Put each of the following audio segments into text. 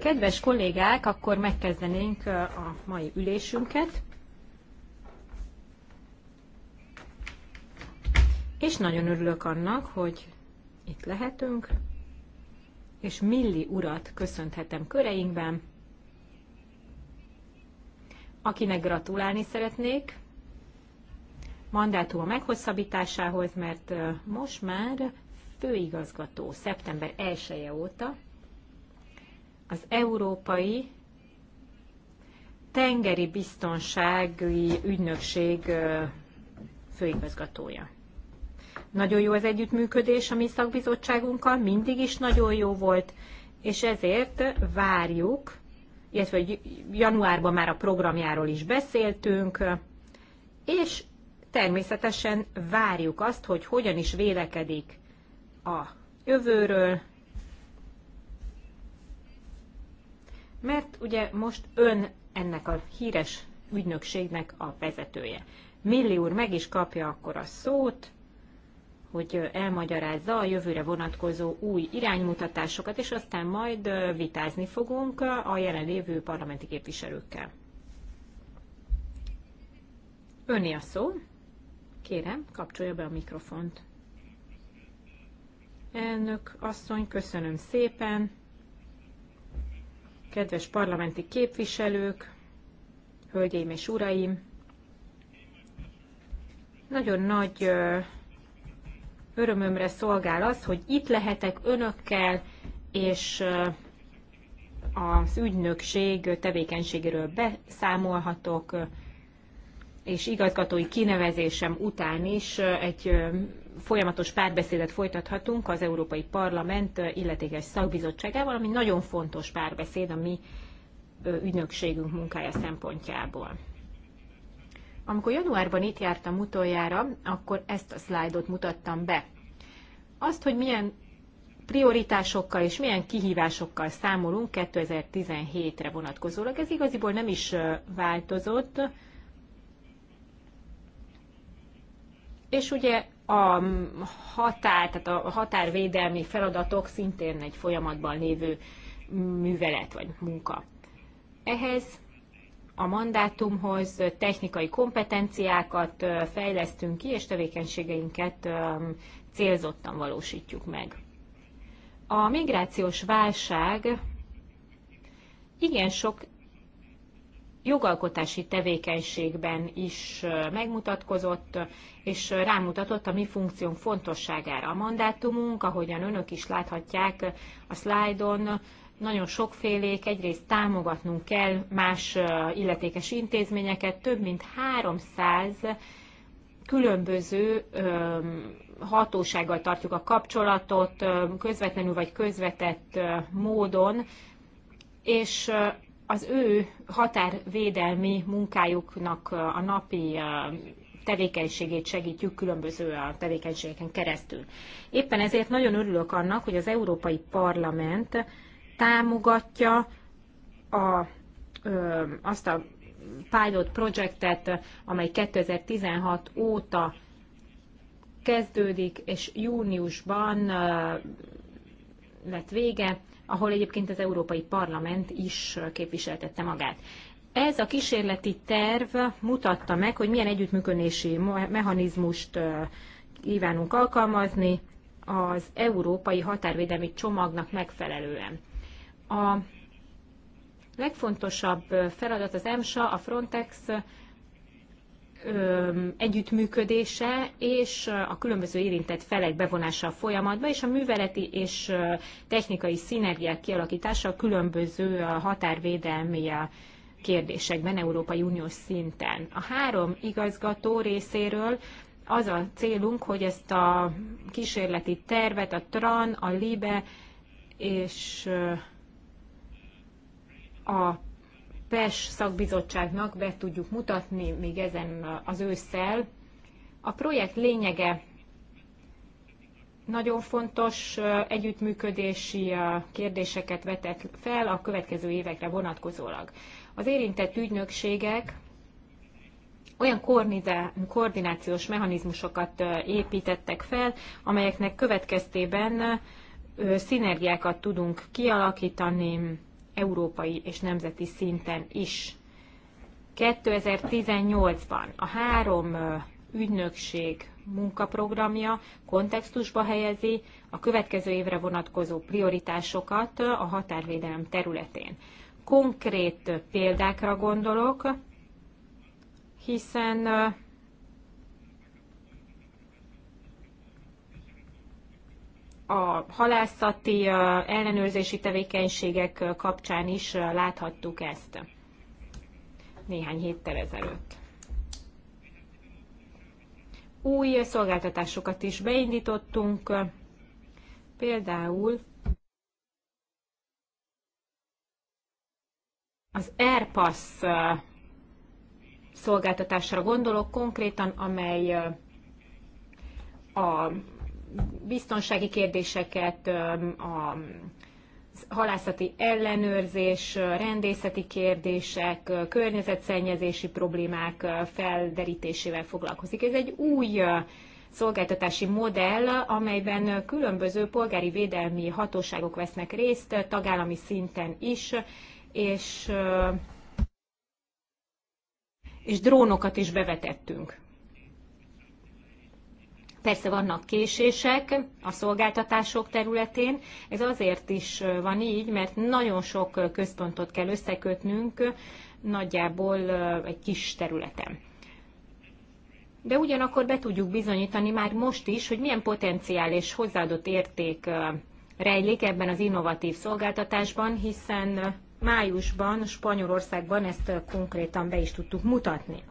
Kedves kollégák, akkor megkezdenénk a mai ülésünket. És nagyon örülök annak, hogy itt lehetünk, és Milli urat köszönhetem köreinkben, akinek gratulálni szeretnék mandátuma meghosszabbításához, mert most már főigazgató szeptember 1-e óta az Európai Tengeri Biztonsági Ügynökség főigazgatója. Nagyon jó az együttműködés a mi szakbizottságunkkal, mindig is nagyon jó volt, és ezért várjuk, illetve januárban már a programjáról is beszéltünk, és természetesen várjuk azt, hogy hogyan is vélekedik a jövőről, mert ugye most ön ennek a híres ügynökségnek a vezetője. Milli úr meg is kapja akkor a szót, hogy elmagyarázza a jövőre vonatkozó új iránymutatásokat, és aztán majd vitázni fogunk a jelenlévő parlamenti képviselőkkel. Önni a szó. Kérem, kapcsolja be a mikrofont. Elnök asszony, köszönöm szépen. Kedves parlamenti képviselők, hölgyeim és uraim, nagyon nagy örömömre szolgál az, hogy itt lehetek önökkel, és az ügynökség tevékenységéről beszámolhatok és igazgatói kinevezésem után is egy folyamatos párbeszédet folytathatunk az Európai Parlament illetékes szakbizottságával, ami nagyon fontos párbeszéd a mi ügynökségünk munkája szempontjából. Amikor januárban itt jártam utoljára, akkor ezt a szlájdot mutattam be. Azt, hogy milyen prioritásokkal és milyen kihívásokkal számolunk 2017-re vonatkozólag, ez igaziból nem is változott, És ugye a határ, tehát a határvédelmi feladatok szintén egy folyamatban lévő művelet vagy munka. Ehhez a mandátumhoz technikai kompetenciákat fejlesztünk ki, és tevékenységeinket célzottan valósítjuk meg. A migrációs válság igen sok jogalkotási tevékenységben is megmutatkozott, és rámutatott a mi funkciónk fontosságára. A mandátumunk, ahogyan önök is láthatják a szlájdon, nagyon sokfélék, egyrészt támogatnunk kell más illetékes intézményeket, több mint 300 különböző hatósággal tartjuk a kapcsolatot, közvetlenül vagy közvetett módon, és az ő határvédelmi munkájuknak a napi tevékenységét segítjük különböző a tevékenységeken keresztül. Éppen ezért nagyon örülök annak, hogy az Európai Parlament támogatja a, azt a pilot projektet, amely 2016 óta kezdődik, és júniusban lett vége ahol egyébként az Európai Parlament is képviseltette magát. Ez a kísérleti terv mutatta meg, hogy milyen együttműködési mechanizmust kívánunk alkalmazni az európai határvédelmi csomagnak megfelelően. A legfontosabb feladat az EMSA, a Frontex együttműködése és a különböző érintett felek bevonása a folyamatba, és a műveleti és technikai szinergiák kialakítása a különböző határvédelmi kérdésekben Európai Uniós szinten. A három igazgató részéről az a célunk, hogy ezt a kísérleti tervet a TRAN, a LIBE és a PES szakbizottságnak be tudjuk mutatni még ezen az ősszel. A projekt lényege nagyon fontos együttműködési kérdéseket vetett fel a következő évekre vonatkozólag. Az érintett ügynökségek olyan koordinációs mechanizmusokat építettek fel, amelyeknek következtében szinergiákat tudunk kialakítani európai és nemzeti szinten is. 2018-ban a három ügynökség munkaprogramja kontextusba helyezi a következő évre vonatkozó prioritásokat a határvédelem területén. Konkrét példákra gondolok, hiszen a halászati ellenőrzési tevékenységek kapcsán is láthattuk ezt néhány héttel ezelőtt. Új szolgáltatásokat is beindítottunk, például az Airpass szolgáltatásra gondolok konkrétan, amely a biztonsági kérdéseket, a halászati ellenőrzés, rendészeti kérdések, környezetszennyezési problémák felderítésével foglalkozik. Ez egy új szolgáltatási modell, amelyben különböző polgári védelmi hatóságok vesznek részt, tagállami szinten is, és, és drónokat is bevetettünk. Persze vannak késések a szolgáltatások területén, ez azért is van így, mert nagyon sok központot kell összekötnünk nagyjából egy kis területen. De ugyanakkor be tudjuk bizonyítani már most is, hogy milyen potenciál és hozzáadott érték rejlik ebben az innovatív szolgáltatásban, hiszen májusban Spanyolországban ezt konkrétan be is tudtuk mutatni.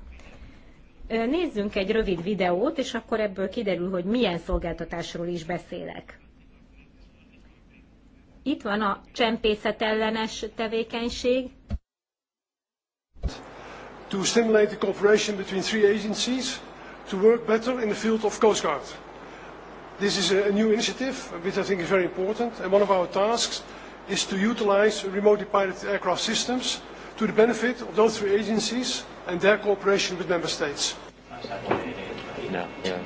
Nézzünk egy rövid videót, és akkor ebből kiderül, hogy milyen szolgáltatásról is beszélek. Itt van a csempészet ellenes tevékenység. To stimulate the cooperation between three agencies to work better in the field of Coast Guard. This is a new initiative, which I think is very important, and one of our tasks is to utilize remotely piloted aircraft systems to the benefit of those three agencies and their cooperation with member states. No, yeah.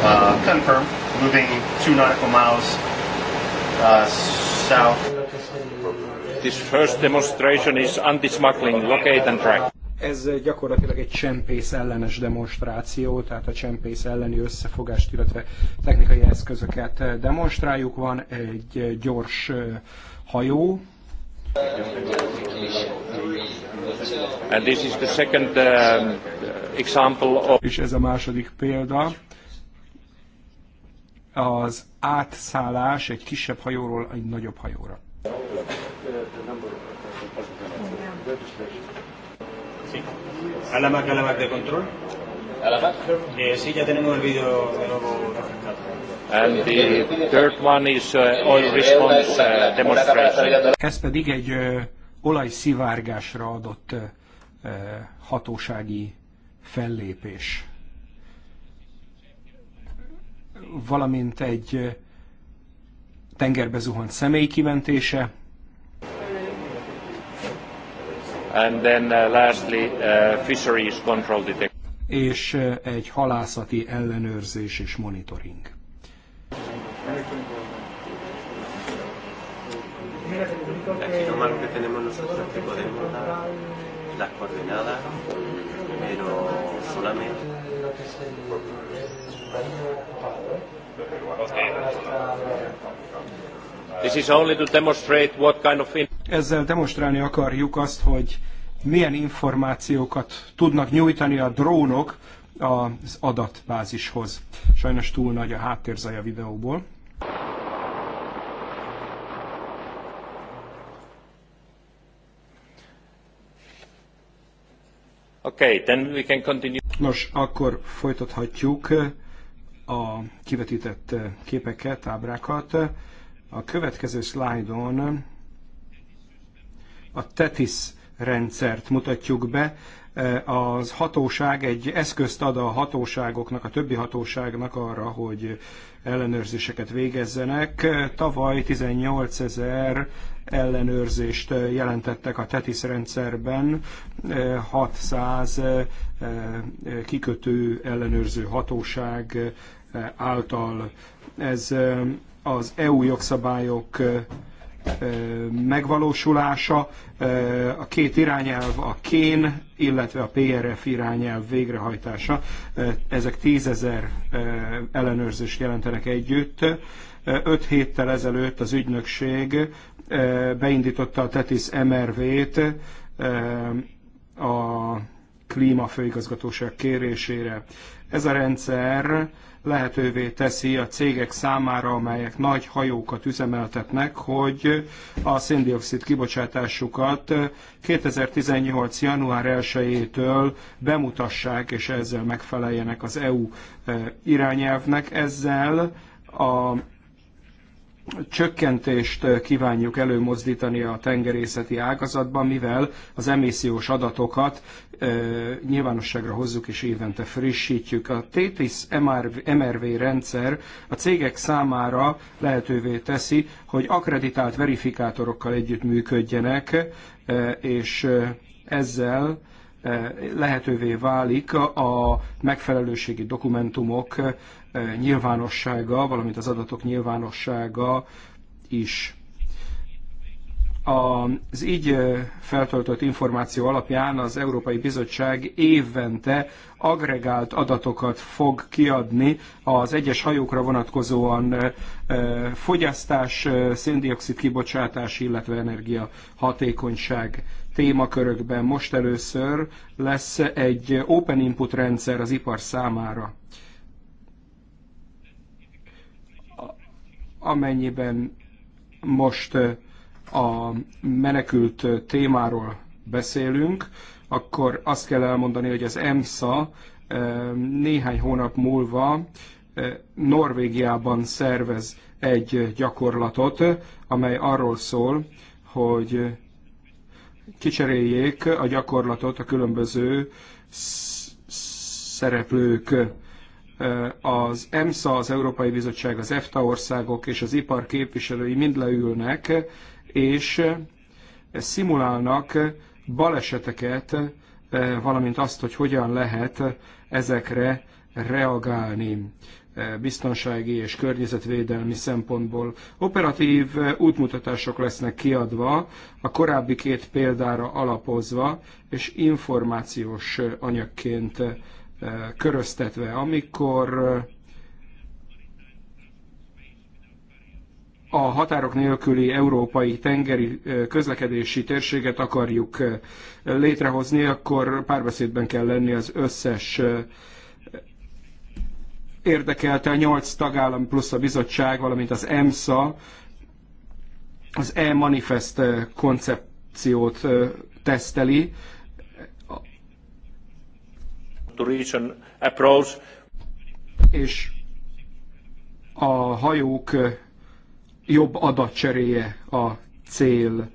Uh, confirm, moving two nautical miles uh, south. This first demonstration is anti-smuggling, locate and track. Ez gyakorlatilag egy csempész ellenes demonstráció, tehát a csempész elleni összefogást, illetve technikai eszközöket demonstráljuk. Van egy gyors hajó, And this is the second uh, example of... És ez a második példa. Az átszállás egy kisebb hajóról egy nagyobb hajóra. ¿A la Mac, a la Mac de control? ¿A la Mac? Eh, sí, ya tenemos el vídeo de nuevo refrescado. And the third one is uh, oil response uh, demonstration. Ez pedig egy uh, olajszivárgásra adott uh, uh, hatósági fellépés. Valamint egy uh, tengerbe zuhant személy kimentése, And then uh, lastly, uh, fisheries control detection. És uh, egy halászati ellenőrzés és monitoring. Aquí lo malo que tenemos nosotros es que podemos dar las coordenadas, pero solamente. This is only to demonstrate what kind of Ezzel demonstrálni akarjuk azt, hogy milyen információkat tudnak nyújtani a drónok az adatbázishoz. Sajnos túl nagy a háttérzaj a videóból. Okay, then we can continue. Nos, akkor folytathatjuk a kivetített képeket, ábrákat. A következő szlájdon a TETIS rendszert mutatjuk be. Az hatóság egy eszközt ad a hatóságoknak, a többi hatóságnak arra, hogy ellenőrzéseket végezzenek. Tavaly 18 ezer ellenőrzést jelentettek a TETIS rendszerben, 600 eh, kikötő ellenőrző hatóság által. Ez az EU jogszabályok megvalósulása, a két irányelv, a kén, illetve a PRF irányelv végrehajtása. Ezek tízezer ellenőrzést jelentenek együtt. Öt héttel ezelőtt az ügynökség beindította a TETIS MRV-t a klímafőigazgatóság kérésére. Ez a rendszer lehetővé teszi a cégek számára, amelyek nagy hajókat üzemeltetnek, hogy a széndiokszid kibocsátásukat 2018. január 1-től bemutassák, és ezzel megfeleljenek az EU eh, irányelvnek. Ezzel a csökkentést eh, kívánjuk előmozdítani a tengerészeti ágazatban, mivel az emissziós adatokat eh, nyilvánosságra hozzuk és évente frissítjük. A TETIS MRV rendszer a cégek számára lehetővé teszi, hogy akreditált verifikátorokkal együttműködjenek, eh, és ezzel E, lehetővé válik a megfelelőségi dokumentumok e, nyilvánossága, valamint az adatok nyilvánossága is. Az így e, feltöltött információ alapján az Európai Bizottság évente agregált adatokat fog kiadni az egyes hajókra vonatkozóan fogyasztás, széndiokszid kibocsátás, illetve energiahatékonyság témakörökben most először lesz egy open input rendszer az ipar számára. Amennyiben most a menekült témáról beszélünk, akkor azt kell elmondani, hogy az EMSA néhány hónap múlva Norvégiában szervez egy gyakorlatot, amely arról szól, hogy kicseréljék a gyakorlatot a különböző szereplők. Az EMSA, az Európai Bizottság, az EFTA országok és az ipar képviselői mind leülnek, és szimulálnak baleseteket, valamint azt, hogy hogyan lehet ezekre reagálni biztonsági és környezetvédelmi szempontból. Operatív útmutatások lesznek kiadva, a korábbi két példára alapozva, és információs anyagként köröztetve. Amikor a határok nélküli európai tengeri közlekedési térséget akarjuk létrehozni, akkor párbeszédben kell lenni az összes érdekelte a nyolc tagállam plusz a bizottság, valamint az EMSA az e-manifest koncepciót teszteli. És a hajók jobb adatcseréje a cél.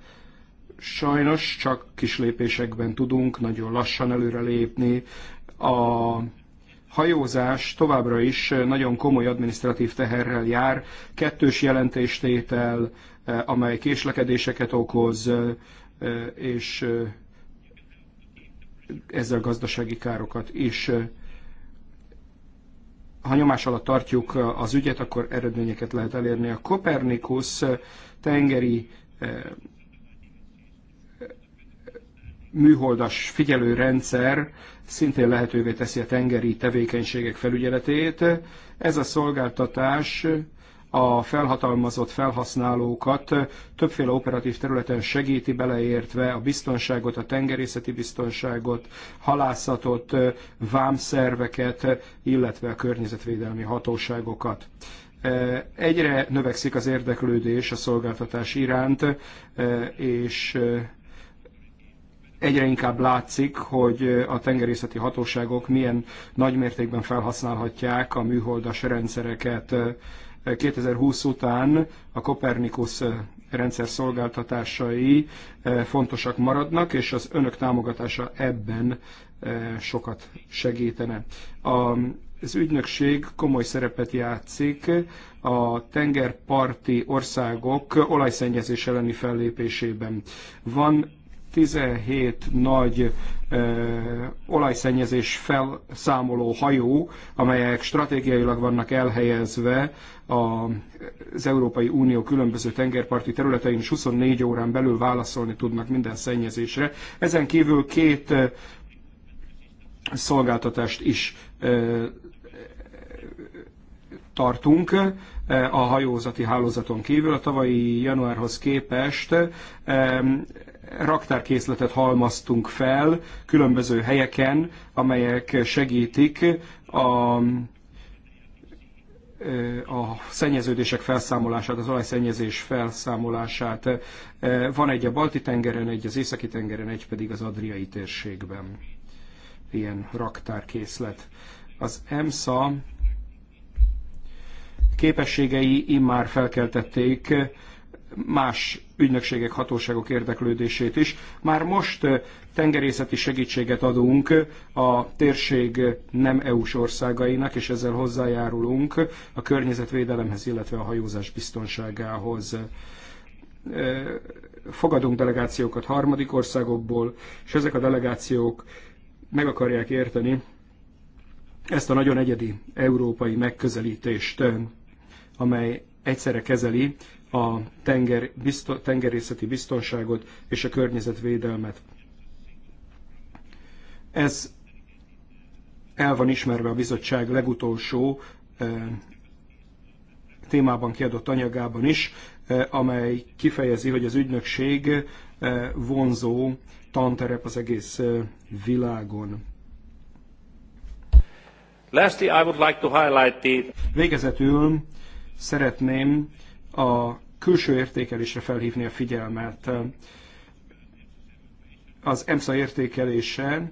Sajnos csak kis lépésekben tudunk nagyon lassan előrelépni. A hajózás továbbra is eh, nagyon komoly adminisztratív teherrel jár, kettős jelentéstétel, eh, amely késlekedéseket okoz, eh, és ezzel gazdasági károkat is. Ha nyomás alatt tartjuk az ügyet, akkor eredményeket lehet elérni. A Kopernikus tengeri műholdas figyelőrendszer szintén lehetővé teszi a tengeri tevékenységek felügyeletét. Ez a szolgáltatás a felhatalmazott felhasználókat többféle operatív területen segíti, beleértve a biztonságot, a tengerészeti biztonságot, halászatot, vámszerveket, illetve a környezetvédelmi hatóságokat. Egyre növekszik az érdeklődés a szolgáltatás iránt, és egyre inkább látszik, hogy a tengerészeti hatóságok milyen nagymértékben felhasználhatják a műholdas rendszereket. 2020 után a Kopernikus rendszer szolgáltatásai fontosak maradnak, és az önök támogatása ebben sokat segítene. Az ügynökség komoly szerepet játszik a tengerparti országok olajszennyezés elleni fellépésében. Van 17 nagy olajszennyezés felszámoló hajó, amelyek stratégiailag vannak elhelyezve az Európai Unió különböző tengerparti területein, és 24 órán belül válaszolni tudnak minden szennyezésre. Ezen kívül két szolgáltatást is tartunk a hajózati hálózaton kívül. A tavalyi januárhoz képest raktárkészletet halmaztunk fel különböző helyeken, amelyek segítik a a szennyeződések felszámolását, az olajszennyezés felszámolását. Van egy a Balti-tengeren, egy az Északi-tengeren, egy pedig az Adriai térségben. Ilyen raktárkészlet. Az EMSA képességei immár felkeltették más ügynökségek, hatóságok érdeklődését is. Már most eh, tengerészeti segítséget adunk a térség eh, nem EU-s országainak, és ezzel hozzájárulunk a környezetvédelemhez, illetve a hajózás biztonságához eh, fogadunk delegációkat harmadik országokból, és ezek a delegációk meg akarják érteni ezt a nagyon egyedi európai megközelítést, amely egyszerre kezeli a tenger, tengerészeti biztonságot és a környezetvédelmet. Ez el van ismerve a bizottság legutolsó eh, témában kiadott anyagában is, eh, amely kifejezi, hogy az ügynökség eh, vonzó tanterep az egész világon. Lastly, I would like to highlight the... Végezetül szeretném a külső értékelésre felhívni a figyelmet. Az EMSZA értékelése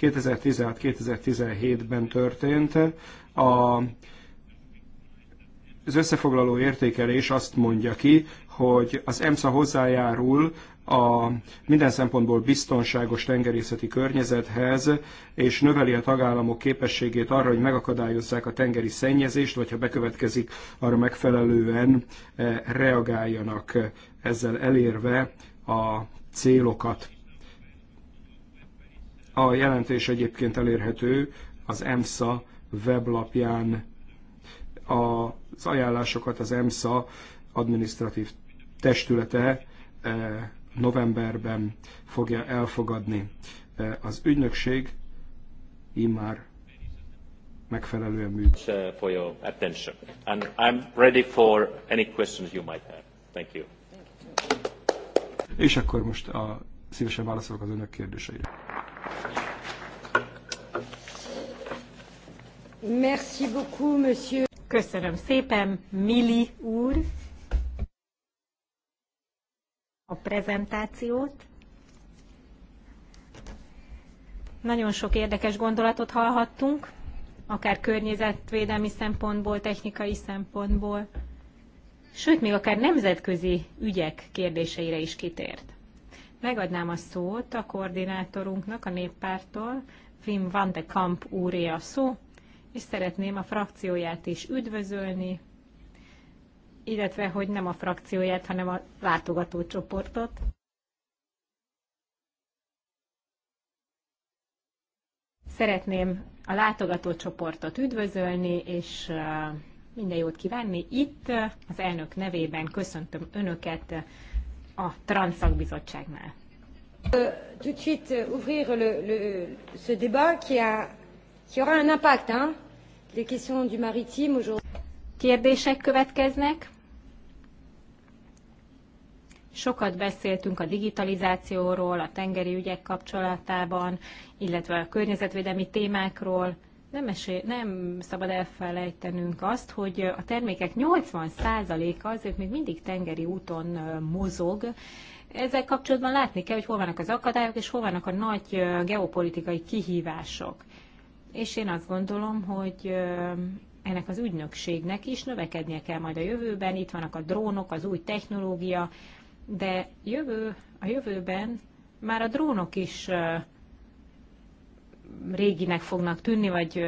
2016-2017-ben történt. A, az összefoglaló értékelés azt mondja ki, hogy az EMSZA hozzájárul a minden szempontból biztonságos tengerészeti környezethez, és növeli a tagállamok képességét arra, hogy megakadályozzák a tengeri szennyezést, vagy ha bekövetkezik, arra megfelelően eh, reagáljanak eh, ezzel elérve a célokat. A jelentés egyébként elérhető az EMSA weblapján. Az ajánlásokat az EMSA adminisztratív testülete eh, novemberben fogja elfogadni. E, az ügynökség immár megfelelően működik. Uh, attention. And I'm ready for any questions you might have. Thank you. És akkor most a, szívesen válaszolok az önök kérdéseire. Merci beaucoup, monsieur. Köszönöm szépen, Mili úr. prezentációt. Nagyon sok érdekes gondolatot hallhattunk, akár környezetvédelmi szempontból, technikai szempontból, sőt, még akár nemzetközi ügyek kérdéseire is kitért. Megadnám a szót a koordinátorunknak, a néppártól, Wim van de Kamp úré a szó, és szeretném a frakcióját is üdvözölni, illetve hogy nem a frakcióját, hanem a látogatócsoportot. Szeretném a látogatócsoportot üdvözölni, és uh, minden jót kívánni. Itt uh, az elnök nevében köszöntöm Önöket uh, a Transzakbizottságnál. Euh, tout de suite euh, ouvrir le, le, ce débat qui, a, qui aura un impact. Hein? Les questions du maritime aujourd'hui. Kérdések következnek. Sokat beszéltünk a digitalizációról, a tengeri ügyek kapcsolatában, illetve a környezetvédelmi témákról. Nem, esély, nem szabad elfelejtenünk azt, hogy a termékek 80%-a azért még mindig tengeri úton mozog. Ezzel kapcsolatban látni kell, hogy hol vannak az akadályok, és hol vannak a nagy geopolitikai kihívások. És én azt gondolom, hogy ennek az ügynökségnek is növekednie kell majd a jövőben. Itt vannak a drónok, az új technológia, de jövő, a jövőben már a drónok is réginek fognak tűnni, vagy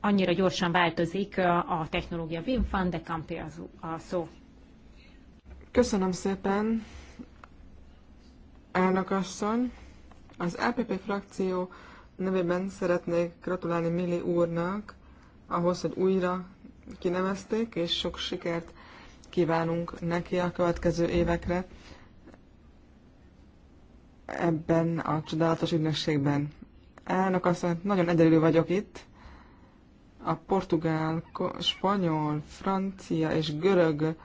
annyira gyorsan változik a technológia. Wim van de Kampi az a szó. Köszönöm szépen, elnök asszony. Az LPP frakció nevében szeretnék gratulálni Mili úrnak ahhoz, hogy újra kinevezték, és sok sikert kívánunk neki a következő évekre ebben a csodálatos ügynökségben. Elnök asszony, nagyon egyedül vagyok itt. A portugál, spanyol, francia és görög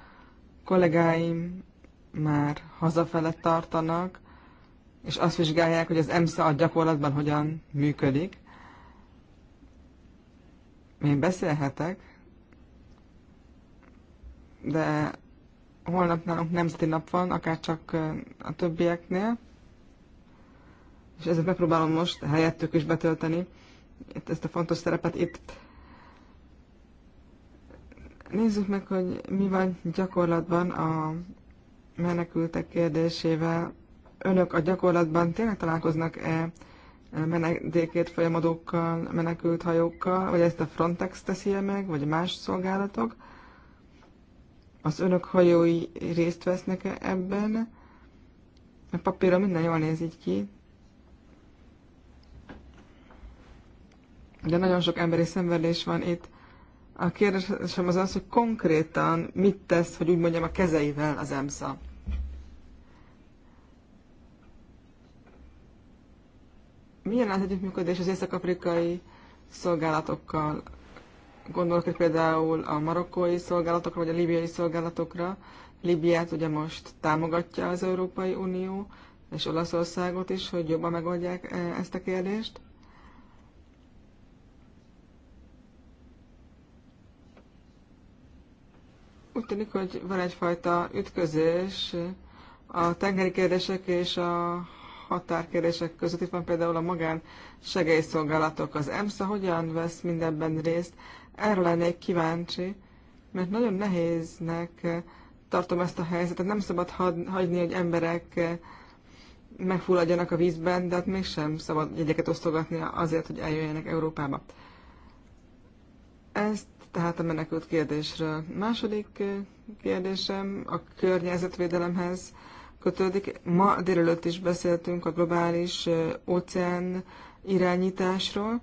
kollégáim már hazafele tartanak, és azt vizsgálják, hogy az EMSZA a gyakorlatban hogyan működik. Én beszélhetek, de holnap nálunk nemzeti nap van, akár csak a többieknél, és ezért megpróbálom most helyettük is betölteni itt ezt a fontos szerepet itt. Nézzük meg, hogy mi van gyakorlatban a menekültek kérdésével. Önök a gyakorlatban tényleg találkoznak-e menedékét folyamadókkal, menekült hajókkal, vagy ezt a Frontex teszi -e meg, vagy más szolgálatok? Az önök hajói részt vesznek -e ebben? A papíron minden jól néz így ki. De nagyon sok emberi szenvedés van itt. A kérdésem az az, hogy konkrétan mit tesz, hogy úgy mondjam, a kezeivel az EMSZA. Milyen az együttműködés az észak-afrikai szolgálatokkal? Gondolok itt például a marokkói szolgálatokra, vagy a libiai szolgálatokra. Libiát ugye most támogatja az Európai Unió, és Olaszországot is, hogy jobban megoldják eh, ezt a kérdést. Úgy tűnik, hogy van egyfajta ütközés a tengeri kérdések és a határkérdések között. Itt van például a magán segélyszolgálatok. Az EMSZA hogyan vesz mindenben részt? Erre lennék kíváncsi, mert nagyon nehéznek tartom ezt a helyzetet. Nem szabad hagyni, hogy emberek megfulladjanak a vízben, de hát mégsem szabad jegyeket osztogatni azért, hogy eljöjjenek Európába. Ezt tehát a menekült kérdésről. Második kérdésem a környezetvédelemhez kötődik. Ma délelőtt is beszéltünk a globális óceán irányításról.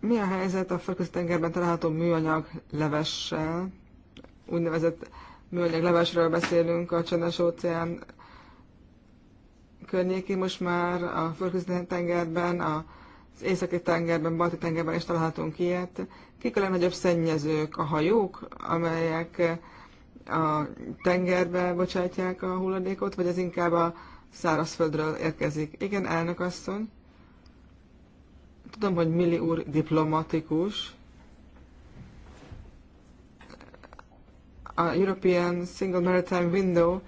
Mi a helyzet a földközi tengerben található műanyag levessel? Úgynevezett műanyag levesről beszélünk a csendes óceán környékén, most már a földközi tengerben, az északi tengerben, balti tengerben is találhatunk ilyet. Kik a legnagyobb szennyezők? A hajók, amelyek a tengerbe bocsátják a hulladékot, vagy ez inkább a szárazföldről érkezik? Igen, elnök asszony. Tudom, hogy Milli úr diplomatikus. A European Single Maritime Window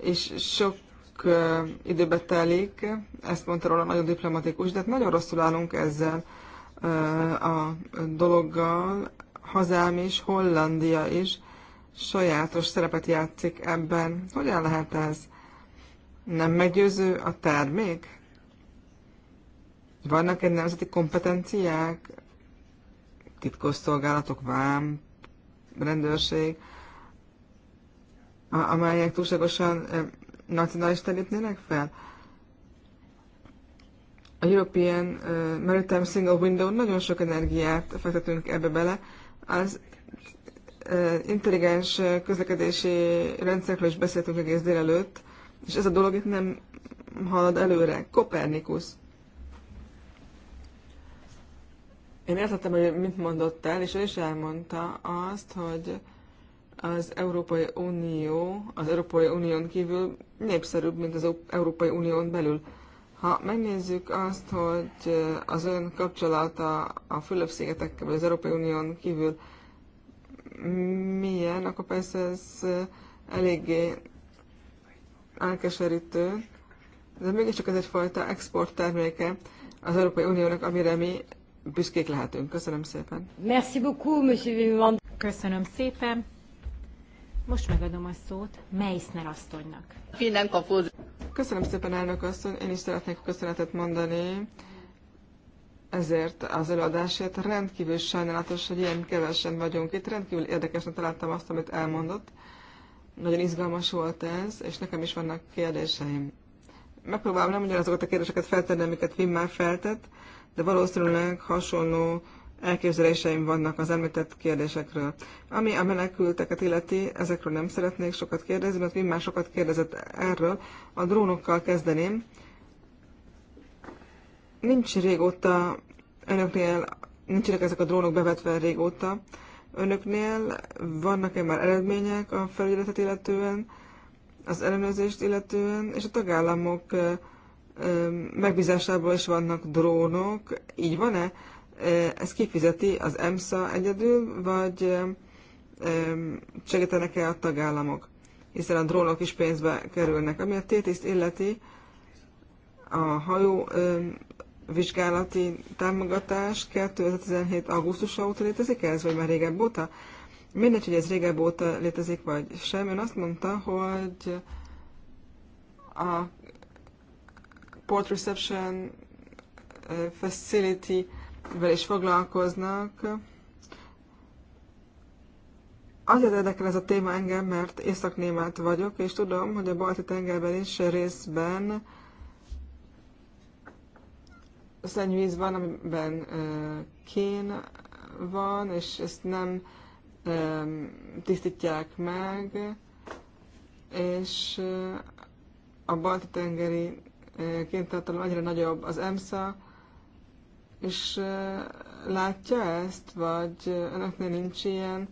és sok uh, időbe telik, ezt mondta róla, nagyon diplomatikus, de hát nagyon rosszul állunk ezzel uh, a dologgal. Hazám is, Hollandia is sajátos szerepet játszik ebben. Hogyan lehet ez? Nem meggyőző a termék? vannak egy nemzeti kompetenciák, titkosszolgálatok, vám, rendőrség, amelyek túlságosan nacionalista lépnének fel? A European Maritime Single Window nagyon sok energiát fektetünk ebbe bele, az intelligens közlekedési rendszerről is beszéltünk egész délelőtt, és ez a dolog itt nem halad előre. Kopernikus. Én értettem, hogy mit mondott el, és ő is elmondta azt, hogy az Európai Unió, az Európai Unión kívül népszerűbb, mint az Európai Unión belül. Ha megnézzük azt, hogy az ön kapcsolata a Fülöp-szigetekkel, vagy az Európai Unión kívül milyen, akkor persze ez eléggé elkeserítő, de mégiscsak ez egyfajta exportterméke az Európai Uniónak, amire mi büszkék lehetünk. Köszönöm szépen. Merci beaucoup, monsieur Vivant. Köszönöm szépen. Most megadom a szót Meissner asszonynak. Köszönöm szépen, elnök asszony. Én is szeretnék köszönetet mondani ezért az előadásért. Rendkívül sajnálatos, hogy ilyen kevesen vagyunk itt. Rendkívül érdekesnek találtam azt, amit elmondott. Nagyon izgalmas volt ez, és nekem is vannak kérdéseim. Megpróbálom nem ugyanazokat a kérdéseket feltenni, amiket Wim már feltett, de valószínűleg hasonló elképzeléseim vannak az említett kérdésekről. Ami a menekülteket illeti, ezekről nem szeretnék sokat kérdezni, mert mi már sokat kérdezett erről. A drónokkal kezdeném. Nincs régóta önöknél, nincsenek ezek a drónok bevetve régóta. Önöknél vannak-e már eredmények a felügyeletet illetően, az ellenőrzést illetően, és a tagállamok megbízásából is vannak drónok, így van-e? Ezt kifizeti az EMSA egyedül, vagy segítenek-e a tagállamok? Hiszen a drónok is pénzbe kerülnek. Ami a tétiszt illeti, a hajó vizsgálati támogatás 2017. augusztusa óta létezik ez, vagy már régebb óta? Mindegy, hogy ez régebb óta létezik, vagy sem. Ön azt mondta, hogy a Port Reception Facility-vel is foglalkoznak. Azért érdekel ez a téma engem, mert észak-német vagyok, és tudom, hogy a balti tengerben is részben szennyvíz van, amiben kén van, és ezt nem tisztítják meg, és a balti tengeri kénytartalom egyre nagyobb. Az EMSA és eh, látja ezt, vagy önöknél nincs ilyen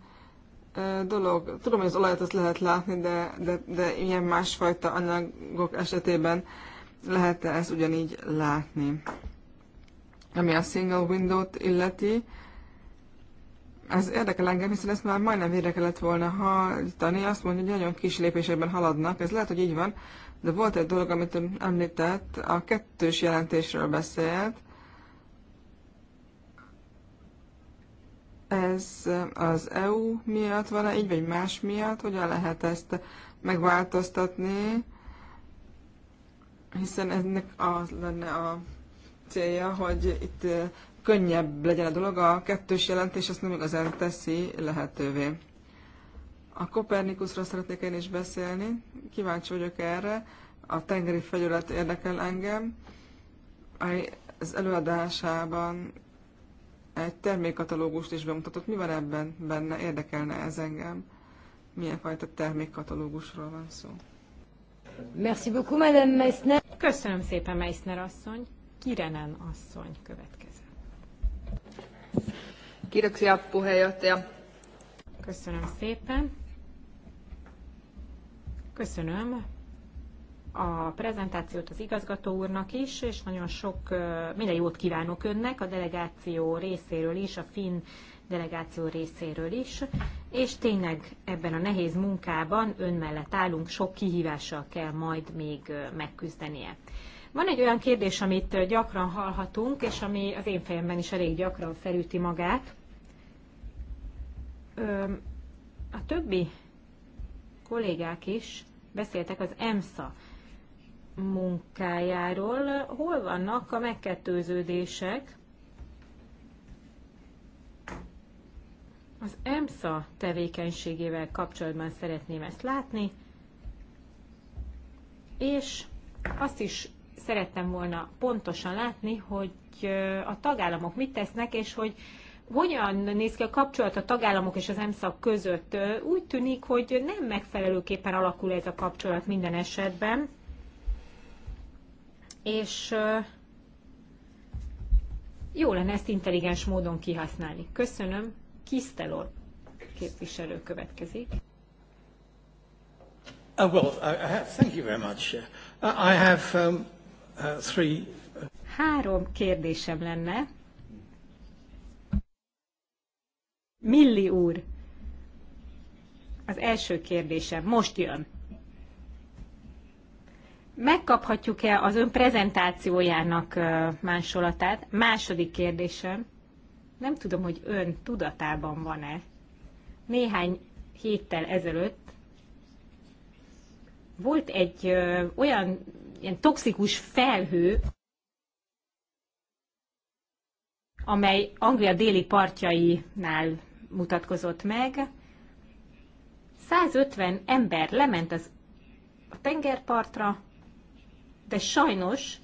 eh, dolog? Tudom, hogy az olajat azt lehet látni, de, de, de ilyen másfajta anyagok esetében lehet -e ezt ugyanígy látni. Ami a single window-t illeti, ez érdekel engem, hiszen ezt már majdnem érdekelett volna hajtani. Azt mondja, hogy nagyon kis lépésekben haladnak. Ez lehet, hogy így van, de volt egy dolog, amit említett, a kettős jelentésről beszélt. Ez az EU miatt van-e így, vagy más miatt? Hogyan lehet ezt megváltoztatni? Hiszen ennek az lenne a célja, hogy itt könnyebb legyen a dolog, a kettős jelentés azt nem igazán teszi lehetővé. A Kopernikusra szeretnék én is beszélni, kíváncsi vagyok erre, a tengeri fegyület érdekel engem. Az előadásában egy termékkatalógust is bemutatott. Mi van ebben benne? Érdekelne ez engem? Milyen fajta termékkatalógusról van szó? Merci beaucoup, Madame Meissner. Köszönöm szépen, Meissner asszony. Kirenen asszony következő. Kiitoksia, puheenjohtaja. Köszönöm szépen. Köszönöm a prezentációt az igazgató úrnak is, és nagyon sok minden jót kívánok önnek a delegáció részéről is, a finn delegáció részéről is, és tényleg ebben a nehéz munkában ön mellett állunk, sok kihívással kell majd még megküzdenie. Van egy olyan kérdés, amit gyakran hallhatunk, és ami az én fejemben is elég gyakran felüti magát. A többi kollégák is beszéltek az EMSZA munkájáról. Hol vannak a megkettőződések? Az EMSZA tevékenységével kapcsolatban szeretném ezt látni, és azt is szerettem volna pontosan látni, hogy a tagállamok mit tesznek, és hogy hogyan néz ki a kapcsolat a tagállamok és az EMSZAK között? Úgy tűnik, hogy nem megfelelőképpen alakul ez a kapcsolat minden esetben. És jó lenne ezt intelligens módon kihasználni. Köszönöm. Kisztelor képviselő következik. Uh, well, uh, uh thank you very much. Uh, I have um, uh, three... Három kérdésem lenne. Milli úr, az első kérdésem most jön. Megkaphatjuk-e az ön prezentációjának másolatát? Második kérdésem. Nem tudom, hogy ön tudatában van-e. Néhány héttel ezelőtt volt egy ö, olyan ilyen toxikus felhő, amely Anglia déli partjainál mutatkozott meg. 150 ember lement az a tengerpartra, de sajnos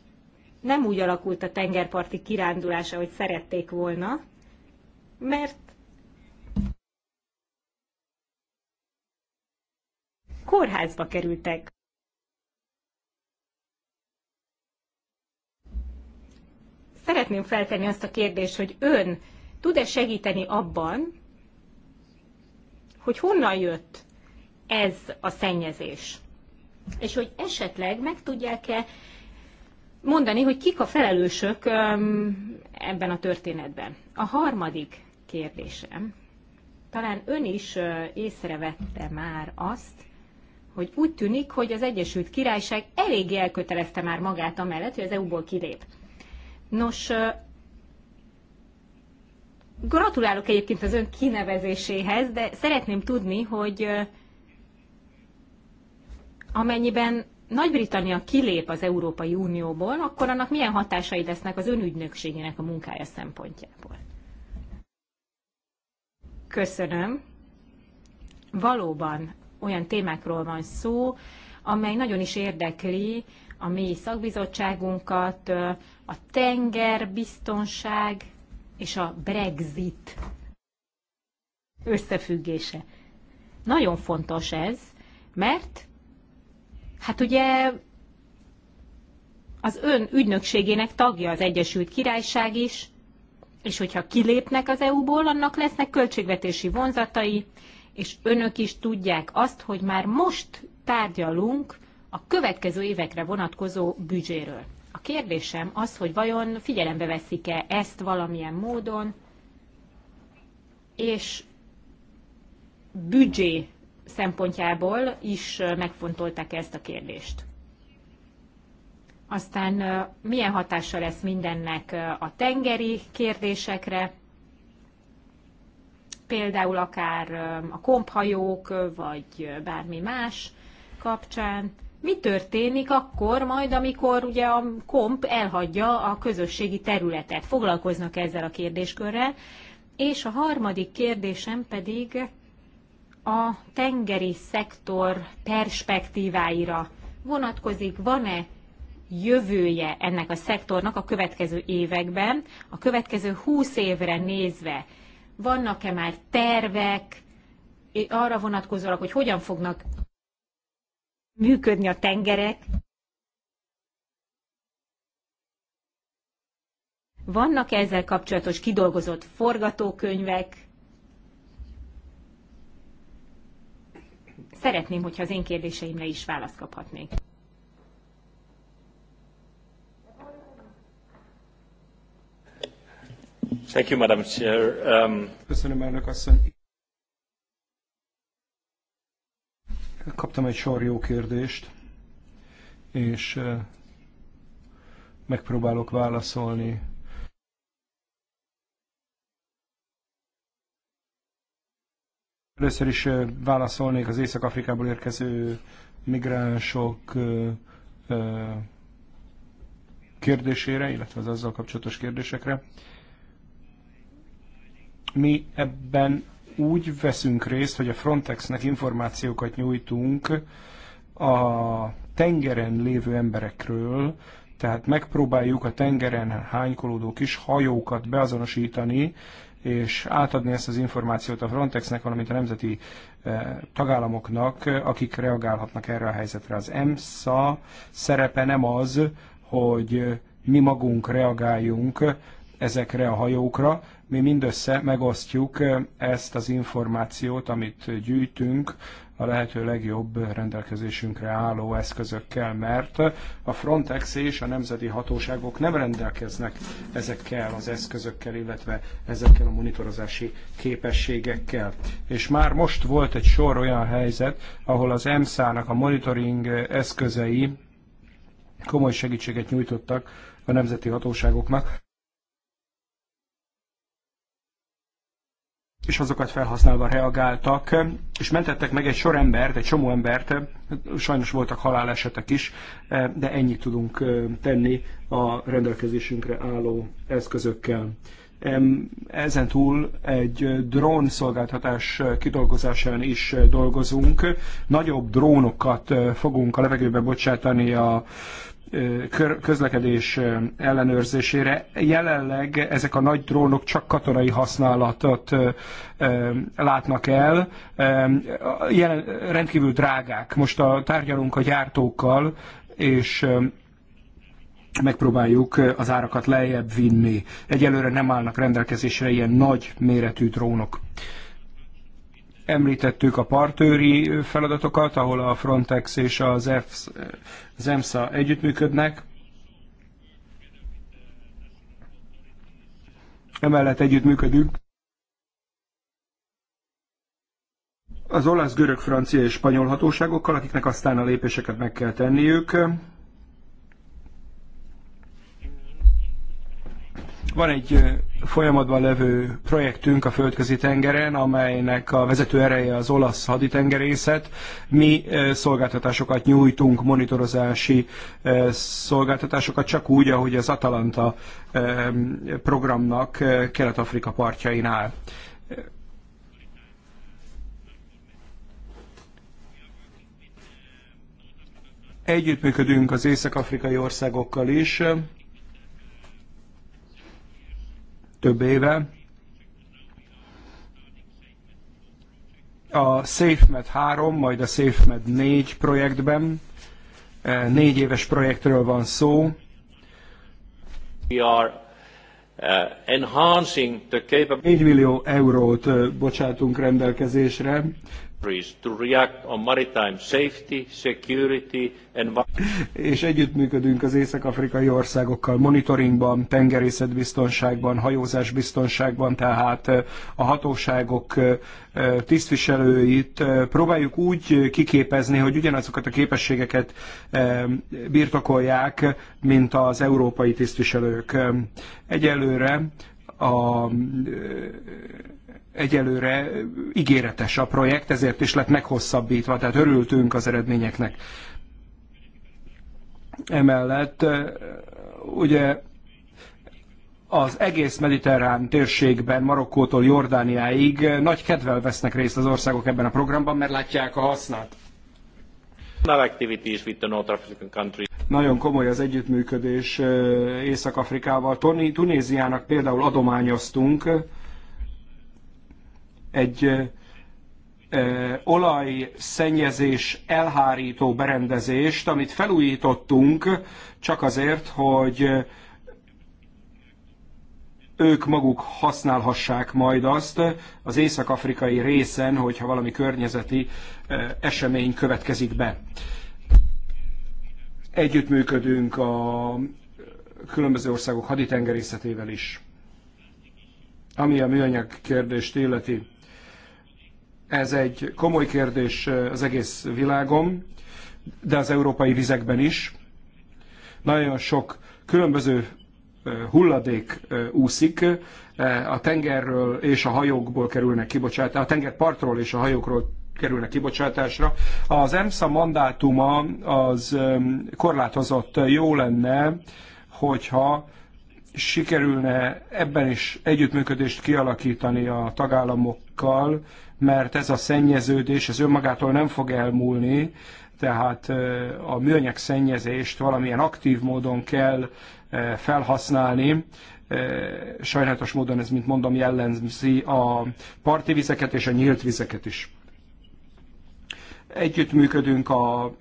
nem úgy alakult a tengerparti kirándulás, ahogy szerették volna, mert kórházba kerültek. Szeretném feltenni azt a kérdést, hogy ön tud-e segíteni abban, hogy honnan jött ez a szennyezés. És hogy esetleg meg tudják-e mondani, hogy kik a felelősök ebben a történetben. A harmadik kérdésem, talán ön is észrevette már azt, hogy úgy tűnik, hogy az Egyesült Királyság eléggé elkötelezte már magát amellett, hogy az EU-ból kilép. Nos, Gratulálok egyébként az ön kinevezéséhez, de szeretném tudni, hogy amennyiben Nagy-Britannia kilép az Európai Unióból, akkor annak milyen hatásai lesznek az önügynökségének a munkája szempontjából? Köszönöm. Valóban olyan témákról van szó, amely nagyon is érdekli a mi szakbizottságunkat, a tengerbiztonság, és a Brexit összefüggése. Nagyon fontos ez, mert hát ugye az ön ügynökségének tagja az Egyesült Királyság is, és hogyha kilépnek az EU-ból, annak lesznek költségvetési vonzatai, és önök is tudják azt, hogy már most tárgyalunk a következő évekre vonatkozó büdzséről. A kérdésem az, hogy vajon figyelembe veszik-e ezt valamilyen módon, és büdzsé szempontjából is megfontolták ezt a kérdést. Aztán milyen hatása lesz mindennek a tengeri kérdésekre, például akár a komphajók, vagy bármi más kapcsán, mi történik akkor majd, amikor ugye a komp elhagyja a közösségi területet? Foglalkoznak ezzel a kérdéskörrel. És a harmadik kérdésem pedig a tengeri szektor perspektíváira vonatkozik. Van-e jövője ennek a szektornak a következő években, a következő húsz évre nézve? Vannak-e már tervek arra vonatkozólag, hogy hogyan fognak működni a tengerek. Vannak -e ezzel kapcsolatos kidolgozott forgatókönyvek? Szeretném, hogyha az én kérdéseimre is választ kaphatnék. Thank you, Madam Chair. Um... Köszönöm, elnök asszony. Kaptam egy sor jó kérdést, és megpróbálok válaszolni Először is válaszolnék az Észak-Afrikából érkező migránsok kérdésére, illetve az azzal kapcsolatos kérdésekre. Mi ebben úgy veszünk részt, hogy a Frontexnek információkat nyújtunk a tengeren lévő emberekről, tehát megpróbáljuk a tengeren hánykolódó kis hajókat beazonosítani, és átadni ezt az információt a Frontexnek, valamint a nemzeti eh, tagállamoknak, akik reagálhatnak erre a helyzetre. Az EMSA szerepe nem az, hogy mi magunk reagáljunk ezekre a hajókra, mi mindössze megosztjuk ezt az információt, amit gyűjtünk, a lehető legjobb rendelkezésünkre álló eszközökkel, mert a Frontex és a nemzeti hatóságok nem rendelkeznek ezekkel az eszközökkel, illetve ezekkel a monitorozási képességekkel. És már most volt egy sor olyan helyzet, ahol az EMSZ-nak a monitoring eszközei komoly segítséget nyújtottak a nemzeti hatóságoknak, és azokat felhasználva reagáltak, és mentettek meg egy sor embert, egy csomó embert, sajnos voltak halálesetek is, de ennyit tudunk tenni a rendelkezésünkre álló eszközökkel. Ezen túl egy drón szolgáltatás kidolgozásán is dolgozunk. Nagyobb drónokat fogunk a levegőbe bocsátani a közlekedés ellenőrzésére. Jelenleg ezek a nagy drónok csak katonai használatot látnak el. Jelen, rendkívül drágák. Most a, tárgyalunk a gyártókkal, és megpróbáljuk az árakat lejjebb vinni. Egyelőre nem állnak rendelkezésre ilyen nagy méretű drónok. Említettük a partőri feladatokat, ahol a Frontex és az, EFS, az EMSA együttműködnek. Emellett együttműködünk az olasz, görög, francia és spanyol hatóságokkal, akiknek aztán a lépéseket meg kell tenniük. Van egy folyamatban levő projektünk a földközi tengeren, amelynek a vezető ereje az olasz haditengerészet. Mi szolgáltatásokat nyújtunk, monitorozási szolgáltatásokat, csak úgy, ahogy az Atalanta programnak Kelet-Afrika partjainál. Együttműködünk az észak-afrikai országokkal is, több éve. A SafeMed 3, majd a SafeMed 4 projektben. Eh, négy éves projektről van szó. We are eh, enhancing the 4 millió eurót eh, bocsátunk rendelkezésre to react on maritime safety, security and... És együttműködünk az észak-afrikai országokkal monitoringban, tengerészetbiztonságban, hajózásbiztonságban, tehát a hatóságok tisztviselőit próbáljuk úgy kiképezni, hogy ugyanazokat a képességeket birtokolják, mint az európai tisztviselők. Egyelőre a egyelőre ígéretes a projekt, ezért is lett meghosszabbítva, tehát örültünk az eredményeknek. Emellett ugye az egész mediterrán térségben, Marokkótól Jordániáig nagy kedvel vesznek részt az országok ebben a programban, mert látják a hasznát. Nagyon komoly az együttműködés Észak-Afrikával. Tunéziának például adományoztunk egy olajszennyezés elhárító berendezést, amit felújítottunk csak azért, hogy ők maguk használhassák majd azt az észak-afrikai részen, hogyha valami környezeti esemény következik be. Együttműködünk a különböző országok haditengerészetével is. Ami a műanyag kérdést illeti, ez egy komoly kérdés az egész világon, de az európai vizekben is. Nagyon sok különböző hulladék úszik, a tengerről és a hajókból kerülnek kibocsátásra, a tengerpartról és a hajókról kerülnek kibocsátásra. Az EMSA mandátuma az korlátozott jó lenne, hogyha sikerülne ebben is együttműködést kialakítani a tagállamokkal, mert ez a szennyeződés az önmagától nem fog elmúlni, tehát a műanyag szennyezést valamilyen aktív módon kell felhasználni. Sajnálatos módon ez, mint mondom, jellemzi a parti vizeket és a nyílt vizeket is. Együttműködünk a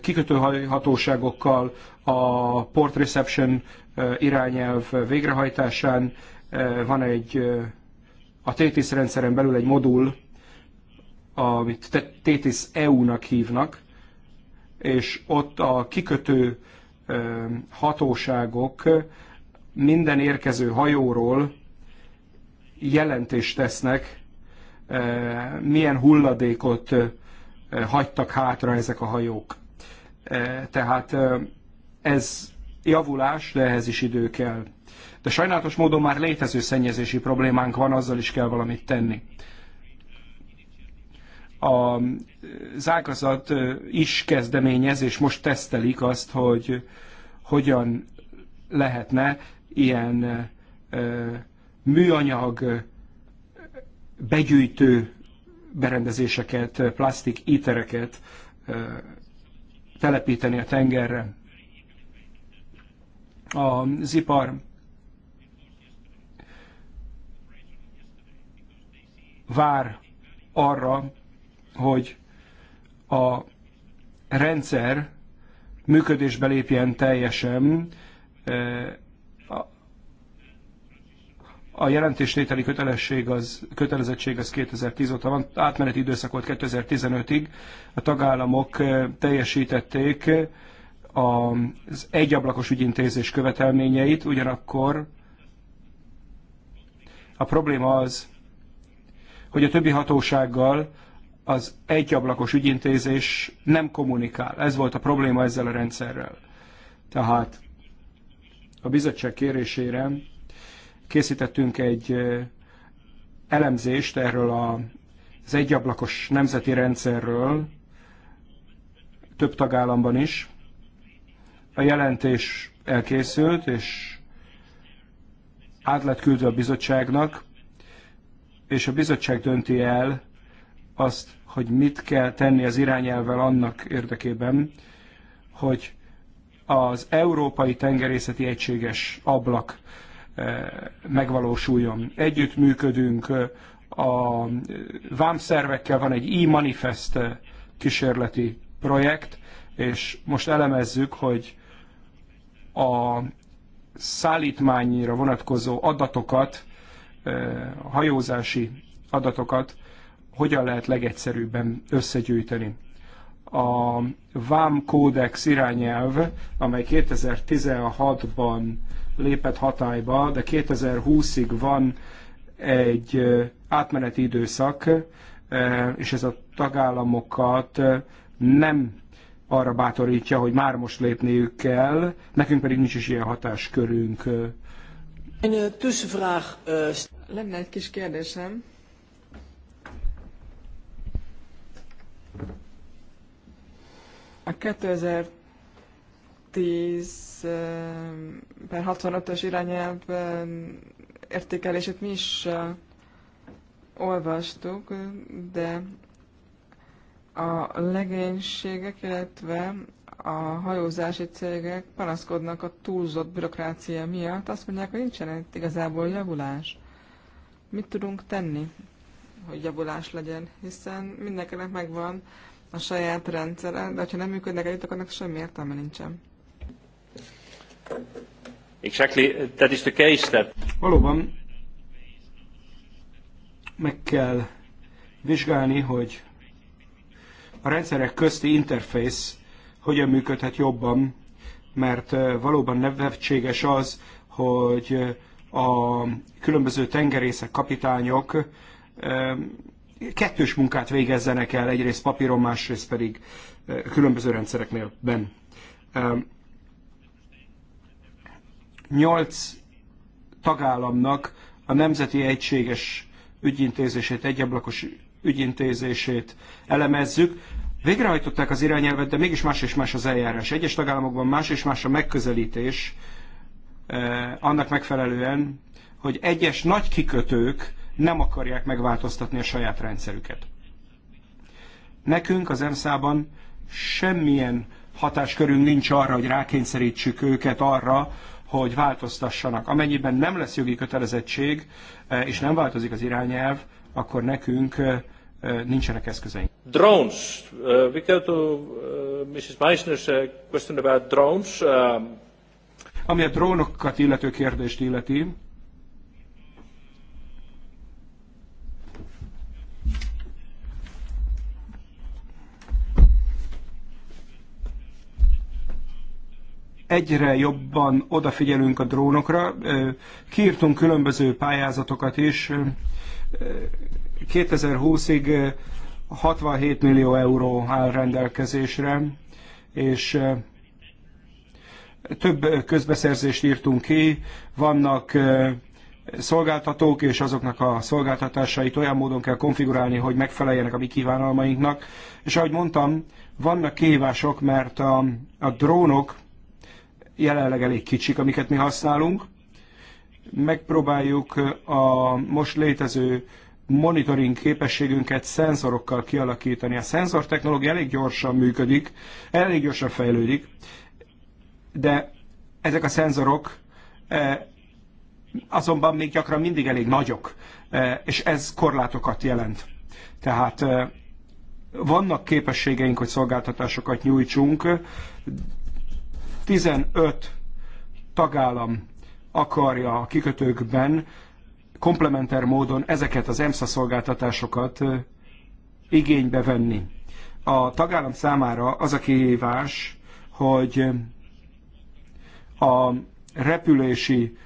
kikötőhatóságokkal a Port Reception irányelv végrehajtásán. Van egy a TTIS rendszeren belül egy modul, amit TETIS EU-nak hívnak, és ott a kikötő hatóságok minden érkező hajóról jelentést tesznek, milyen hulladékot hagytak hátra ezek a hajók. Tehát ez javulás, de ehhez is idő kell. De sajnálatos módon már létező szennyezési problémánk van, azzal is kell valamit tenni az ágazat is kezdeményez, és most tesztelik azt, hogy hogyan lehetne ilyen műanyag begyűjtő berendezéseket, plastik ítereket telepíteni a tengerre. Az ipar vár arra, hogy a rendszer működésbe lépjen teljesen, a jelentéstételi kötelesség az, kötelezettség az 2010 óta van, átmeneti időszak volt 2015-ig, a tagállamok teljesítették az egyablakos ügyintézés követelményeit, ugyanakkor a probléma az, hogy a többi hatósággal az egyablakos ügyintézés nem kommunikál. Ez volt a probléma ezzel a rendszerrel. Tehát a bizottság kérésére készítettünk egy elemzést erről az egyablakos nemzeti rendszerről, több tagállamban is. A jelentés elkészült, és át lett küldve a bizottságnak, és a bizottság dönti el, azt, hogy mit kell tenni az irányelvvel annak érdekében, hogy az Európai Tengerészeti Egységes Ablak eh, megvalósuljon. Együttműködünk eh, a vámszervekkel, van egy e-manifest eh, kísérleti projekt, és most elemezzük, hogy a szállítmányra vonatkozó adatokat, a hajózási adatokat hogyan lehet legegyszerűbben összegyűjteni. A VAM kódex irányelv, amely 2016-ban lépett hatályba, de 2020-ig van egy átmeneti időszak, és ez a tagállamokat nem arra bátorítja, hogy már most lépniük kell, nekünk pedig nincs is ilyen hatáskörünk. Eh, eh, Lenne egy kis kérdésem. A 2010 eh, per 65-ös irányelv értékelését mi is eh, olvastuk, de a legénységek, illetve a hajózási cégek panaszkodnak a túlzott bürokrácia miatt, azt mondják, hogy nincsen itt igazából javulás. Mit tudunk tenni, hogy javulás legyen, hiszen mindenkinek megvan a saját rendszere, de ha nem működnek együtt, akkor ennek semmi értelme nincsen. Exactly, that is the case that... Valóban meg kell vizsgálni, hogy a rendszerek közti interfész hogyan működhet jobban, mert valóban nevetséges az, hogy a különböző tengerészek, kapitányok kettős munkát végezzenek el, egyrészt papíron, másrészt pedig eh, különböző rendszereknél ben. 8 tagállamnak a nemzeti egységes ügyintézését, egyablakos ügyintézését elemezzük. Végrehajtották az irányelvet, de mégis más és más az eljárás. Egyes tagállamokban más és más a megközelítés, eh, annak megfelelően, hogy egyes nagy kikötők nem akarják megváltoztatni a saját rendszerüket. Nekünk az EMSZ-ban semmilyen hatáskörünk nincs arra, hogy rákényszerítsük őket arra, hogy változtassanak. Amennyiben nem lesz jogi kötelezettség, e, és nem változik az irányelv, akkor nekünk e, e, nincsenek eszközeink. Drones. Uh, we go to uh, Mrs. Meissner's uh, question about drones. Um... Ami a drónokat illető kérdést illeti, egyre jobban odafigyelünk a drónokra. Kiírtunk különböző pályázatokat is. 2020-ig 67 millió euró áll rendelkezésre, és több közbeszerzést írtunk ki, vannak szolgáltatók, és azoknak a szolgáltatásait olyan módon kell konfigurálni, hogy megfeleljenek a mi kívánalmainknak. És ahogy mondtam, vannak kihívások, mert a, a drónok jelenleg elég kicsik, amiket mi használunk. Megpróbáljuk a most létező monitoring képességünket szenzorokkal kialakítani. A szenzor technológia elég gyorsan működik, elég gyorsan fejlődik, de ezek a szenzorok e, azonban még gyakran mindig elég nagyok, e, és ez korlátokat jelent. Tehát e, vannak képességeink, hogy szolgáltatásokat nyújtsunk, 15 tagállam akarja a kikötőkben komplementer módon ezeket az EMSZA szolgáltatásokat igénybe venni. A tagállam számára az a kihívás, hogy a repülési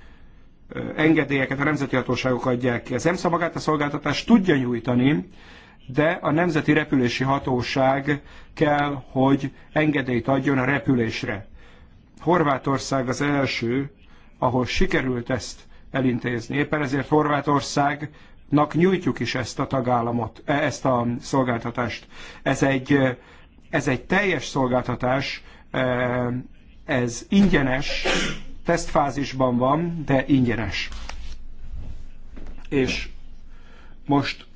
engedélyeket a nemzeti hatóságok adják ki. Az EMSZA magát a szolgáltatást tudja nyújtani, de a Nemzeti Repülési Hatóság kell, hogy engedélyt adjon a repülésre. Horvátország az első, ahol sikerült ezt elintézni. Éppen ezért Horvátországnak nyújtjuk is ezt a tagállamot, e, ezt a szolgáltatást. Ez egy, ez egy teljes szolgáltatás, e, ez ingyenes, tesztfázisban van, de ingyenes. És most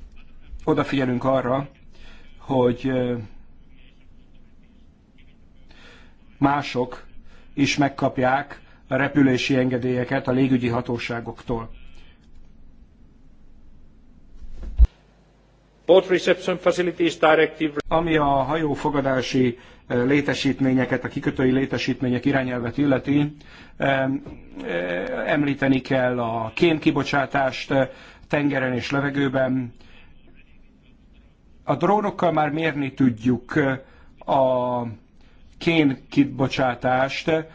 odafigyelünk arra, hogy e, mások is megkapják a repülési engedélyeket a légügyi hatóságoktól. Port Reception Facilities Directive. Ami a hajófogadási eh, létesítményeket, a kikötői létesítmények irányelvet illeti, eh, eh, említeni kell a kémkibocsátást tengeren és levegőben. A drónokkal már mérni tudjuk a kén kibocsátást, e,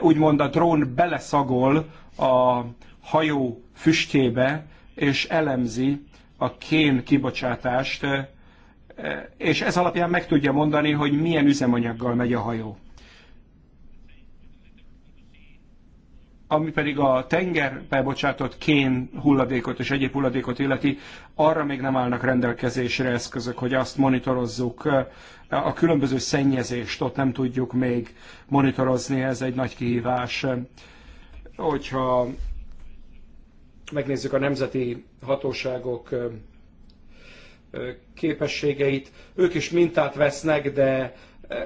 úgymond a drón beleszagol a hajó füstjébe, és elemzi a kén kibocsátást, e, e, és ez alapján meg tudja mondani, hogy milyen üzemanyaggal megy a hajó. ami pedig a tengerbe bocsátott kén hulladékot és egyéb hulladékot illeti, arra még nem állnak rendelkezésre eszközök, hogy azt monitorozzuk. A különböző szennyezést ott nem tudjuk még monitorozni, ez egy nagy kihívás. Hogyha megnézzük a nemzeti hatóságok képességeit, ők is mintát vesznek, de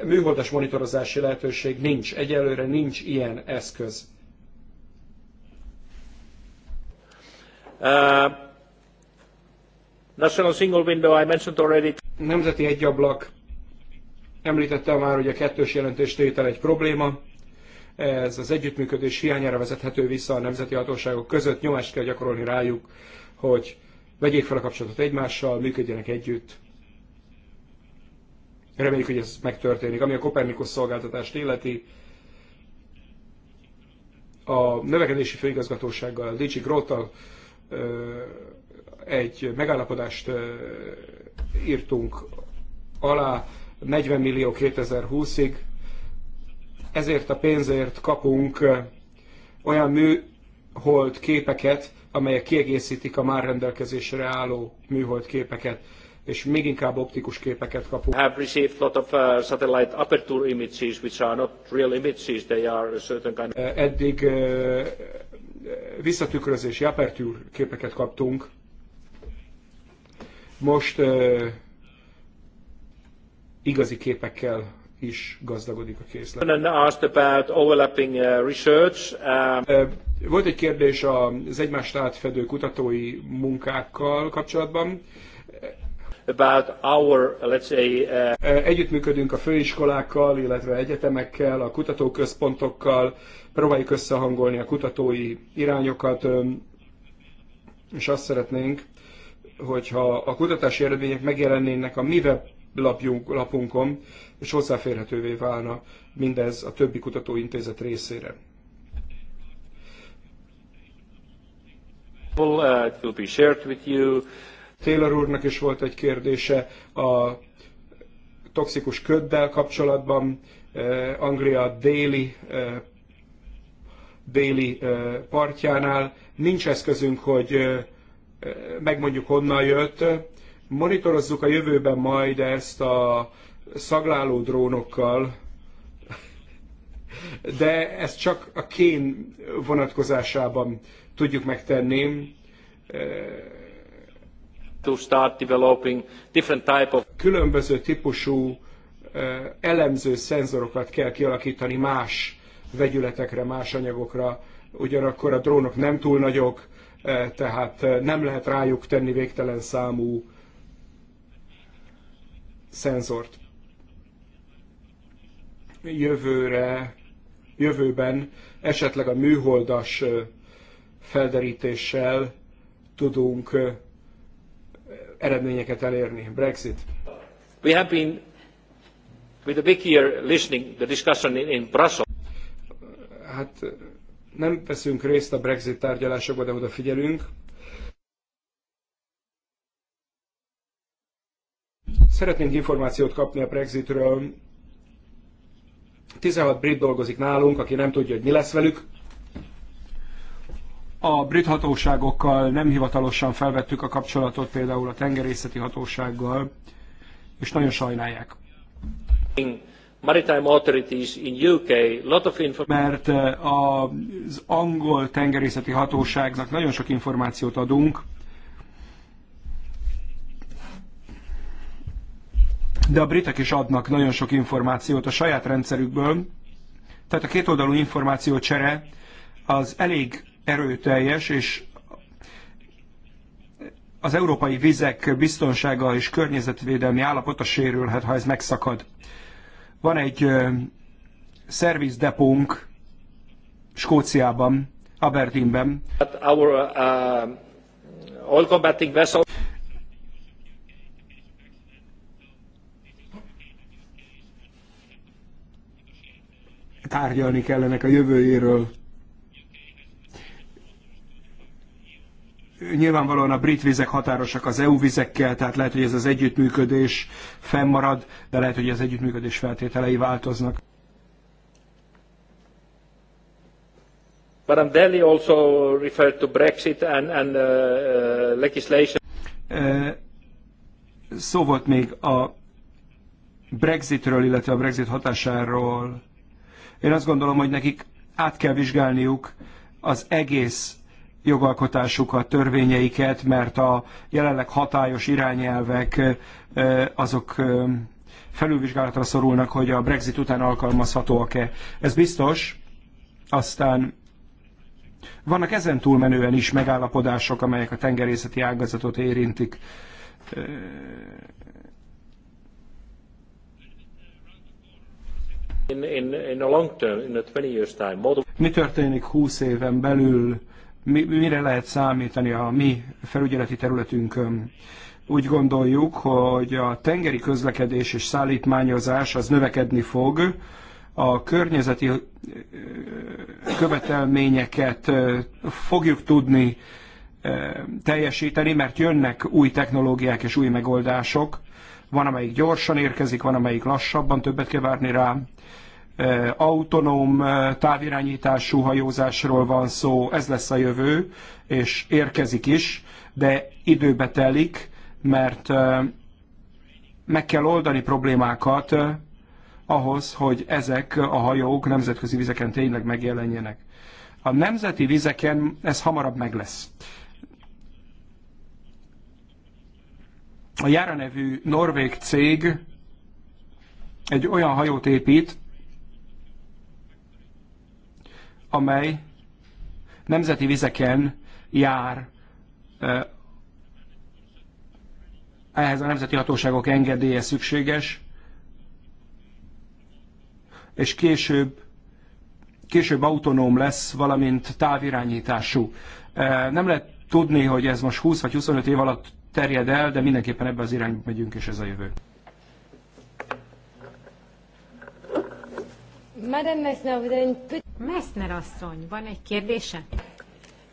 műholdas monitorozási lehetőség nincs. Egyelőre nincs ilyen eszköz Uh, national Single Window, I mentioned already. Nemzeti egyablak. Említette már, hogy a kettős tétel egy probléma. Ez az együttműködés hiányára vezethető vissza a nemzeti hatóságok között. Nyomást kell gyakorolni rájuk, hogy vegyék fel a kapcsolatot egymással, működjenek együtt. Reméljük, hogy ez megtörténik. Ami a Kopernikus szolgáltatást illeti, a növekedési főigazgatósággal, a Dicsi Grottal, egy megállapodást írtunk alá 40 millió 2020-ig. Ezért a pénzért kapunk olyan műhold képeket, amelyek kiegészítik a már rendelkezésre álló műhold képeket és még inkább optikus képeket kapunk. Have received lot of uh, satellite aperture images, which are not real images, they are a certain kind of... Eddig uh, visszatükrözési apertúr képeket kaptunk. Most uh, igazi képekkel is gazdagodik a készlet. Asked about overlapping uh, research. Um, volt egy kérdés az egymást átfedő kutatói munkákkal kapcsolatban about our, let's say, uh... E, együttműködünk a főiskolákkal, illetve egyetemekkel, a kutatóközpontokkal, próbáljuk összehangolni a kutatói irányokat, és azt szeretnénk, hogyha a kutatási eredmények megjelennének a mi weblapunkon, és hozzáférhetővé válna mindez a többi kutatóintézet részére. Uh, it will be shared with you. Taylor úrnak is volt egy kérdése a toxikus köddel kapcsolatban. E, Anglia déli, e, déli e, partjánál nincs eszközünk, hogy megmondjuk honnan jött. Monitorozzuk a jövőben majd ezt a szagláló drónokkal, de ezt csak a kén vonatkozásában tudjuk megtenni to start developing different type of... Különböző típusú elemző szenzorokat kell kialakítani más vegyületekre, más anyagokra, ugyanakkor a drónok nem túl nagyok, tehát nem lehet rájuk tenni végtelen számú szenzort. Jövőre, jövőben esetleg a műholdas felderítéssel tudunk eredményeket elérni. Brexit. We have been with a big ear listening the discussion in, in Brussels. Hát nem veszünk részt a Brexit tárgyalásokba, de odafigyelünk. Szeretnénk információt kapni a Brexitről. 16 brit dolgozik nálunk, aki nem tudja, hogy mi lesz velük. A brit hatóságokkal nem hivatalosan felvettük a kapcsolatot, például a tengerészeti hatósággal, és nagyon sajnálják. Mert eh, az angol tengerészeti hatóságnak nagyon sok információt adunk, de a britek is adnak nagyon sok információt a saját rendszerükből, tehát a kétoldalú információcsere az elég erőteljes, és az európai vizek biztonsága és környezetvédelmi állapota sérülhet, ha ez megszakad. Van egy szervizdepónk Skóciában, Aberdeenben. Hát our, uh, all combating vessel... Tárgyalni kellenek a jövőjéről Nyilvánvalóan a brit vizek határosak az EU vizekkel, tehát lehet, hogy ez az együttműködés fennmarad, de lehet, hogy az együttműködés feltételei változnak. Madam Delhi also referred to Brexit and, and uh, uh legislation. Szó volt még a Brexitről, illetve a Brexit hatásáról. Én azt gondolom, hogy nekik át kell vizsgálniuk az egész jogalkotásukat, törvényeiket, mert a jelenleg hatályos irányelvek azok felülvizsgálatra szorulnak, hogy a Brexit után alkalmazhatóak-e. Ez biztos, aztán vannak ezen túlmenően is megállapodások, amelyek a tengerészeti ágazatot érintik. Mi történik 20 éven belül mi, mire lehet számítani a mi felügyeleti területünkön. Úgy gondoljuk, hogy a tengeri közlekedés és szállítmányozás az növekedni fog, a környezeti követelményeket fogjuk tudni teljesíteni, mert jönnek új technológiák és új megoldások. Van, amelyik gyorsan érkezik, van, amelyik lassabban, többet kell várni rá. Eh, autonóm eh, távirányítású hajózásról van szó, ez lesz a jövő, és érkezik is, de időbe telik, mert eh, meg kell oldani problémákat ahhoz, hogy ezek a hajók nemzetközi vizeken tényleg megjelenjenek. A nemzeti vizeken ez hamarabb meg lesz. A Jára nevű norvég cég egy olyan hajót épít, amely nemzeti vizeken jár ehhez a nemzeti hatóságok engedélye szükséges, és később, később autonóm lesz, valamint távirányítású. Nem lehet tudni, hogy ez most 20 vagy 25 év alatt terjed el, de mindenképpen ebbe az irányba megyünk, és ez a jövő. Madame Messner, vous avez une petite... Messner asszony, van egy kérdése?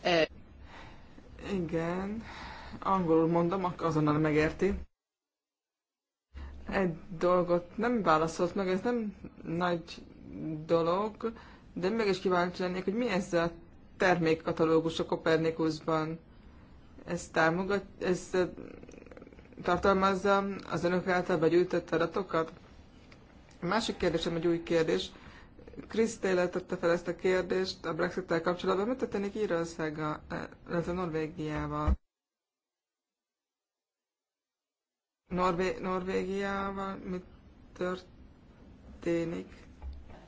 E, igen, angolul mondom, azonnal megérti. Egy dolgot nem válaszolt meg, ez nem nagy dolog, de meg is kíváncsi lennék, hogy mi ez a termékkatalógus a Kopernikusban. Ez támogat, ez e, tartalmazza az önök által begyűjtött adatokat? A másik kérdésem egy új kérdés. Krisztél tette fel ezt a kérdést a Brexit-tel kapcsolatban. Mit történik Írországgal, eh, illetve Norvégiával? Norvé- Norvégiával mit történik?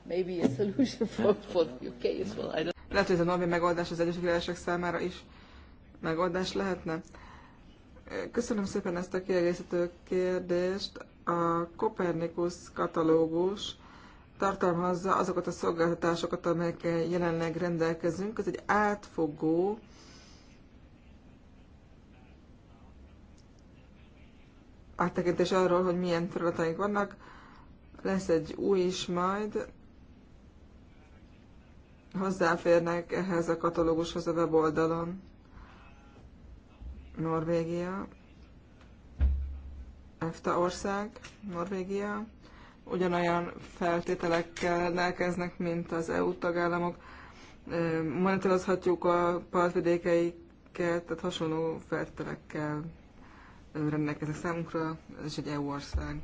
Maybe a solution for, for the UK as well. I don't... Lehet, hogy ez a norvég megoldás az Egyesült Királyság számára is megoldás lehetne. Eh, köszönöm szépen ezt a kiegészítő kérdést. A Kopernikus katalógus tartalmazza azokat a szolgáltatásokat, amelyekkel jelenleg rendelkezünk. Ez egy átfogó áttekintés arról, hogy milyen feladataink vannak. Lesz egy új is majd. Hozzáférnek ehhez a katalógushoz a weboldalon. Norvégia. EFTA ország, Norvégia ugyanolyan feltételekkel rendelkeznek, mint az EU tagállamok. Monitorozhatjuk a partvidékeiket, tehát hasonló feltételekkel rendelkeznek számunkra, ez egy EU ország.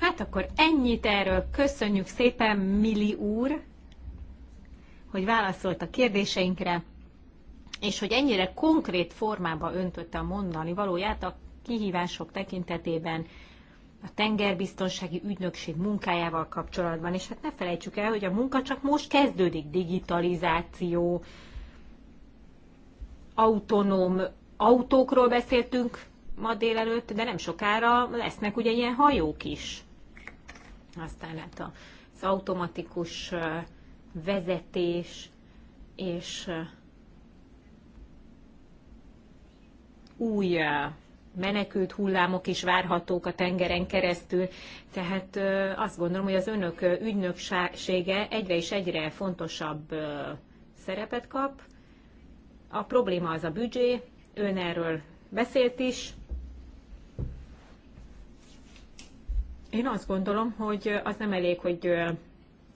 Hát akkor ennyit erről. Köszönjük szépen, Mili úr, hogy válaszolt a kérdéseinkre, és hogy ennyire konkrét formába öntötte a mondani valóját a kihívások tekintetében a tengerbiztonsági ügynökség munkájával kapcsolatban, és hát ne felejtsük el, hogy a munka csak most kezdődik, digitalizáció, autonóm autókról beszéltünk ma délelőtt, de nem sokára lesznek ugye ilyen hajók is. Aztán hát az automatikus vezetés és új menekült hullámok is várhatók a tengeren keresztül. Tehát azt gondolom, hogy az önök ügynöksége egyre és egyre fontosabb szerepet kap. A probléma az a büdzsé, ön erről beszélt is. Én azt gondolom, hogy az nem elég, hogy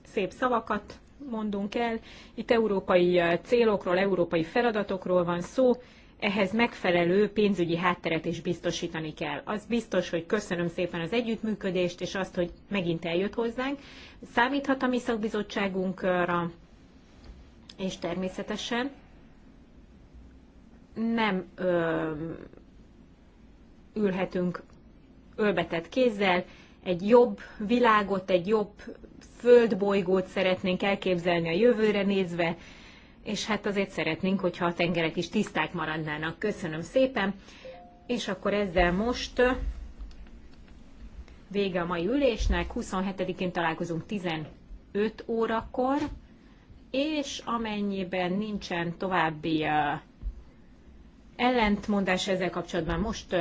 szép szavakat mondunk el. Itt európai célokról, európai feladatokról van szó, ehhez megfelelő pénzügyi hátteret is biztosítani kell. Az biztos, hogy köszönöm szépen az együttműködést, és azt, hogy megint eljött hozzánk. Számíthat a mi szakbizottságunkra, és természetesen nem ö, ülhetünk ölbetett kézzel, egy jobb világot, egy jobb földbolygót szeretnénk elképzelni a jövőre nézve, és hát azért szeretnénk, hogyha a tengerek is tiszták maradnának. Köszönöm szépen, és akkor ezzel most vége a mai ülésnek, 27-én találkozunk 15 órakor, és amennyiben nincsen további ellentmondás ezzel kapcsolatban most